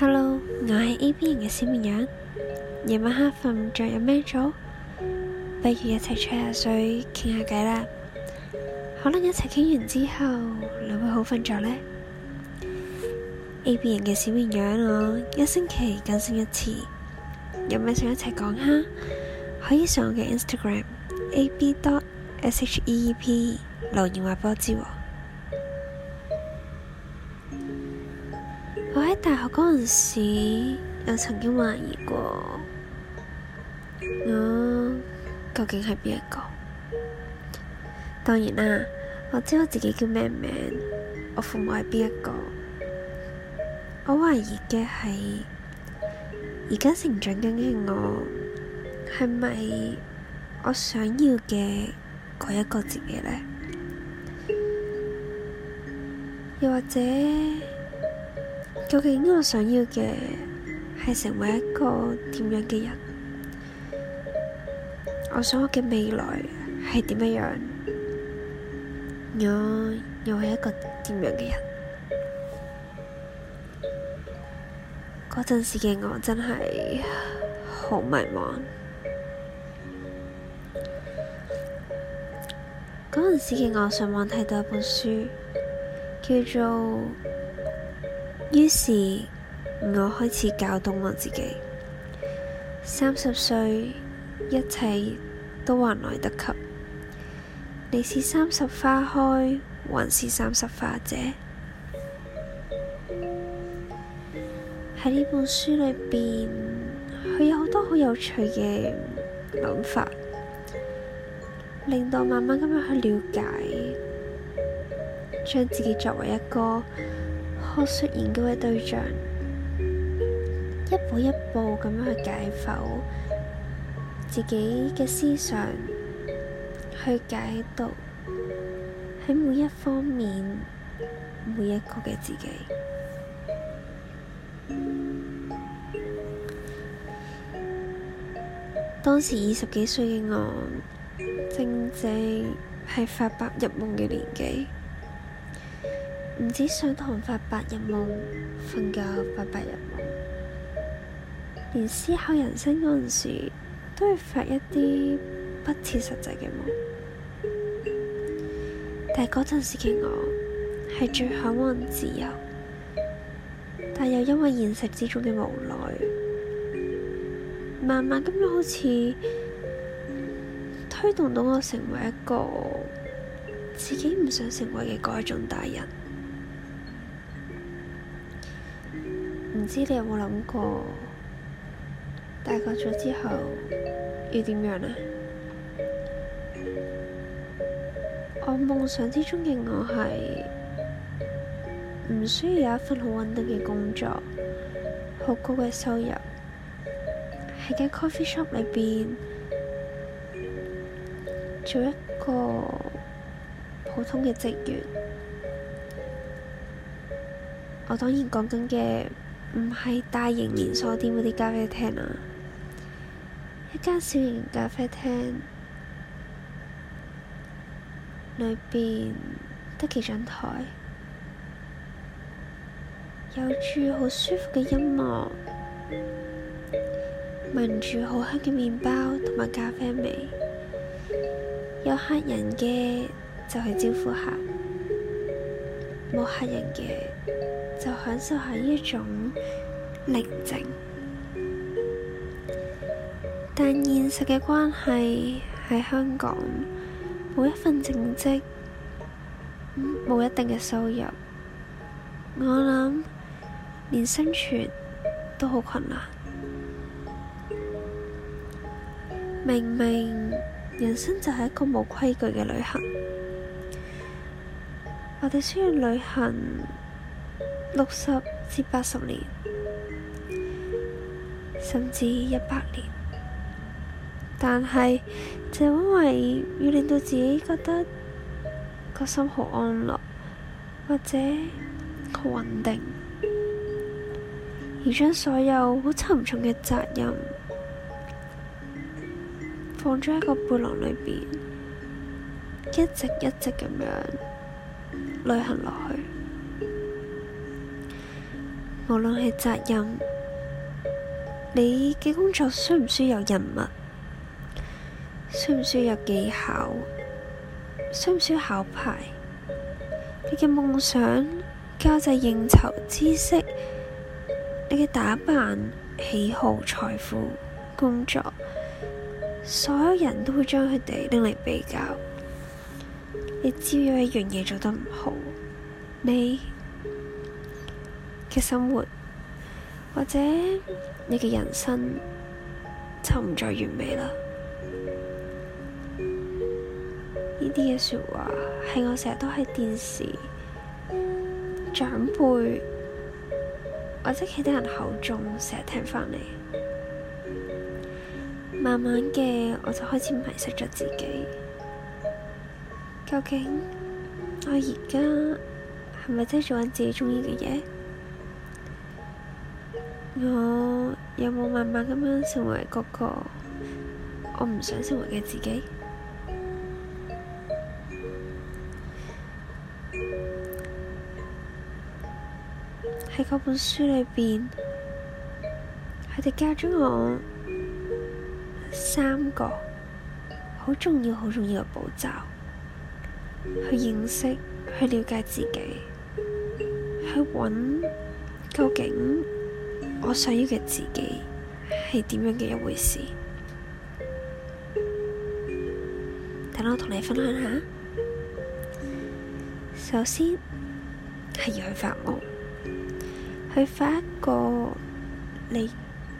Hello，我係 A B 型嘅小綿羊。夜晚黑瞓唔着有咩做？不如一齊吹下水，傾下偈啦。可能一齊傾完之後，你會好瞓着呢。A B 型嘅小綿羊，我一星期更新一次。有咩想一齊講下？可以上我嘅 Instagram，A B S H E E P 留言話畀我知，我喺大學嗰陣時有曾經懷疑過，我究竟係邊一個？當然啦，我知我自己叫咩名，我父母係邊一個，我懷疑嘅係而家成長緊嘅我係咪我想要嘅？嗰一個自己咧，又或者究竟我想要嘅係成為一個點樣嘅人？我想我嘅未來係點樣樣？我又係一個點樣嘅人？嗰陣時嘅我真係好迷茫。嗰陣時嘅我上網睇到一本書，叫做《於是》，我開始搞懂我自己。三十歲，一切都還來得及。你是三十花開，還是三十花謝？喺呢本書裏邊，佢有好多好有趣嘅諗法。令到慢慢咁樣去了解，將自己作為一個學術研究嘅對象，一步一步咁樣去解剖自己嘅思想，去解讀喺每一方面每一個嘅自己。當時二十幾歲嘅我。正正係發白日夢嘅年紀，唔止上堂發白日夢，瞓覺發白日夢，連思考人生嗰陣時，都會發一啲不切實際嘅夢。但係嗰陣時嘅我，係最渴望自由，但又因為現實之中嘅無奈，慢慢咁樣好似。推動到我成為一個自己唔想成為嘅嗰一種大人，唔知你有冇諗過，大個咗之後要點樣呢？我夢想之中嘅我係唔需要有一份好穩定嘅工作，好高嘅收入，喺間 coffee shop 裏邊。做一個普通嘅職員，我當然講緊嘅唔係大型連鎖店嗰啲咖啡廳啦，一間小型咖啡廳裏邊得幾張台，有住好舒服嘅音樂，聞住好香嘅麵包同埋咖啡味。有客人嘅，就去招呼客，冇客人嘅，就享受一下呢一種寧靜。但現實嘅關係喺香港，冇一份正職冇一定嘅收入，我諗連生存都好困難。明明。人生就係一個冇規矩嘅旅行，我哋需要旅行六十至八十年，甚至一百年，但係就因為要令到自己覺得個心好安樂，或者好穩定，而將所有好沉重嘅責任。放咗喺個背囊裏邊，一直一直咁樣旅行落去。無論係責任，你嘅工作需唔需要人物？需唔需要有技巧？需唔需要考牌？你嘅夢想、價值、應酬、知識，你嘅打扮、喜好、財富、工作。所有人都會將佢哋拎嚟比較，你只要一樣嘢做得唔好，你嘅生活或者你嘅人生就唔再完美啦。呢啲嘅說話係我成日都喺電視、長輩或者其他人口中成日聽翻嚟。慢慢嘅，我就開始迷失咗自己。究竟我而家係咪真係做緊自己鍾意嘅嘢？我有冇慢慢咁樣成為嗰個我唔想成為嘅自己？喺嗰本書裏邊，佢哋教咗我。三個好重要、好重要嘅步驟，去認識、去了解自己，去揾究竟我想要嘅自己係點樣嘅一回事。等我同你分享下，首先係要去發夢，去發一個你。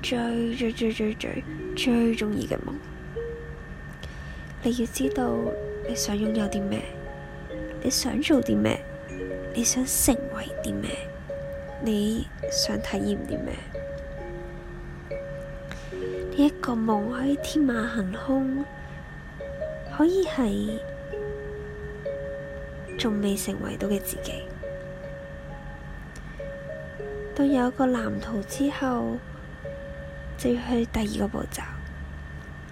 最最最最最最鍾意嘅夢，你要知道你想擁有啲咩，你想做啲咩，你想成為啲咩，你想體驗啲咩？呢一個夢可以天馬行空，可以係仲未成為到嘅自己，到有個藍圖之後。就要去第二個步驟，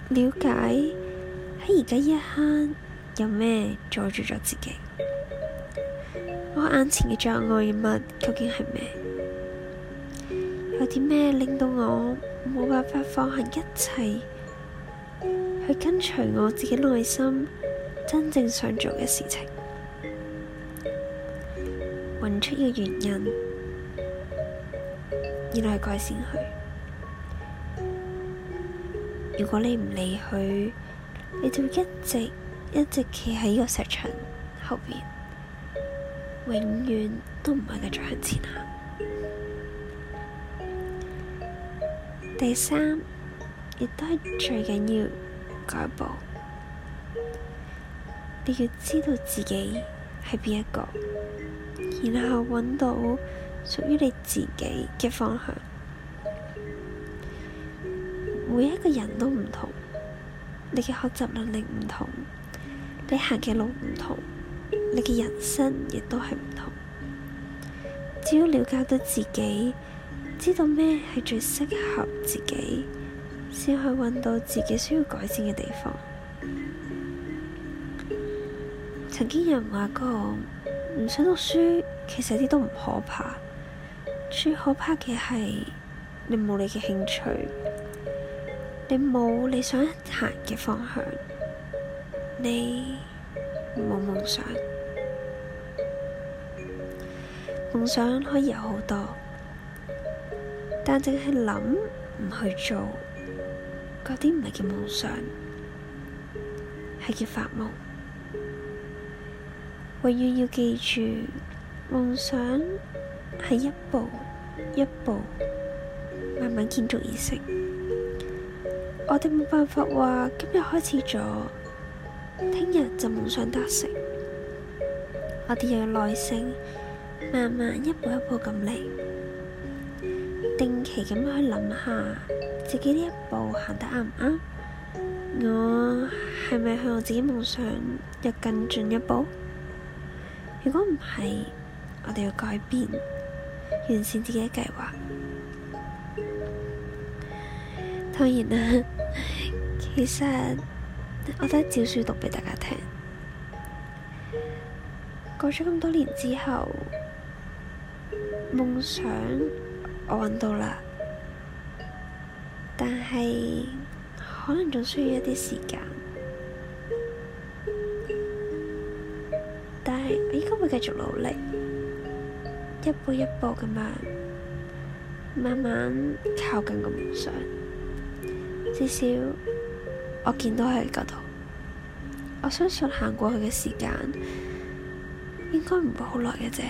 了解喺而家一刻有咩阻住咗自己，我眼前嘅障礙物究竟係咩？有啲咩令到我冇辦法放下一切，去跟隨我自己內心真正想做嘅事情，揾出一個原因，然後去改善佢。如果你唔理佢，你就一直一直企喺個石牆後邊，永遠都唔會繼續向前行。第三，亦都係最緊要嗰一步，你要知道自己係邊一個，然後揾到屬於你自己嘅方向。每一個人都唔同，你嘅學習能力唔同，你行嘅路唔同，你嘅人生亦都係唔同。只要了解到自己，知道咩係最適合自己，先可以揾到自己需要改善嘅地方。曾經有人話過，唔想讀書其實啲都唔可怕，最可怕嘅係你冇你嘅興趣。你冇你想行嘅方向，你冇夢想。夢想可以有好多，但淨係諗唔去做，嗰啲唔係叫夢想，係叫發夢。永遠要記住，夢想係一步一步慢慢建造而成。我哋冇辦法話今日開始咗，聽日就夢想達成。我哋要有耐性，慢慢一步一步咁嚟，定期咁樣去諗下自己呢一步行得啱唔啱？我係咪向我自己夢想又更進一步？如果唔係，我哋要改變，完善自己嘅計劃。當然啦，其實我都係照書讀畀大家聽。過咗咁多年之後，夢想我揾到啦，但係可能仲需要一啲時間。但係我應該會繼續努力，一步一步咁樣，慢慢靠近個夢想。至少我見到佢喺嗰度，我相信行過去嘅時間應該唔會好耐嘅啫。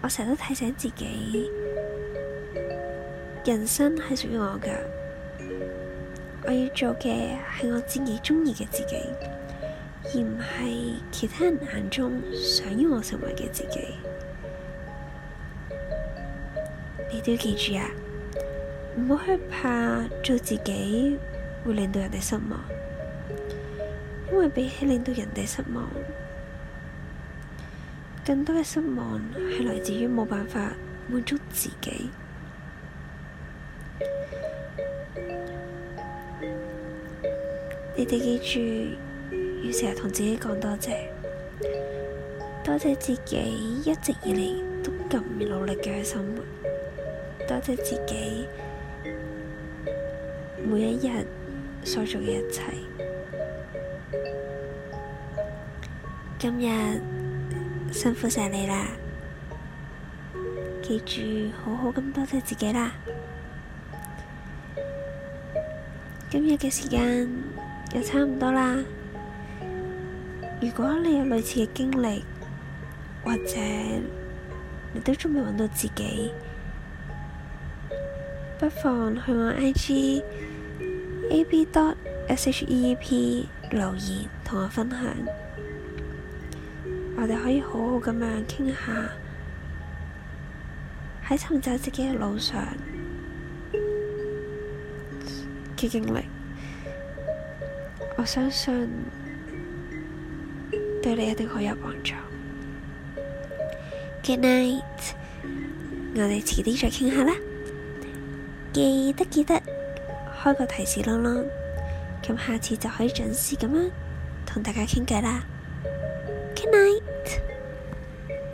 我成日都提醒自己，人生係屬於我㗎，我要做嘅係我自己中意嘅自己，而唔係其他人眼中想要我成為嘅自己。要記住啊，唔好害怕做自己會令到人哋失望，因為比起令到人哋失望，更多嘅失望係來自於冇辦法滿足自己。你哋記住要成日同自己講多謝，多謝自己一直以嚟都咁努力嘅生活。多謝自己每一日所做嘅一切，今日辛苦曬你啦！記住好好咁多謝自己啦。今日嘅時間又差唔多啦。如果你有類似嘅經歷，或者你都仲未揾到自己。不妨去我 IG A B dot S H E E P 留言，同我分享，我哋可以好好咁樣傾下喺尋找自己嘅路上嘅經歷。我相信對你一定好有幫助。Good night，我哋遲啲再傾下啦。記得記得開個提示啷啷，咁下次就可以準時咁樣同，啊，大家傾偈啦，Good night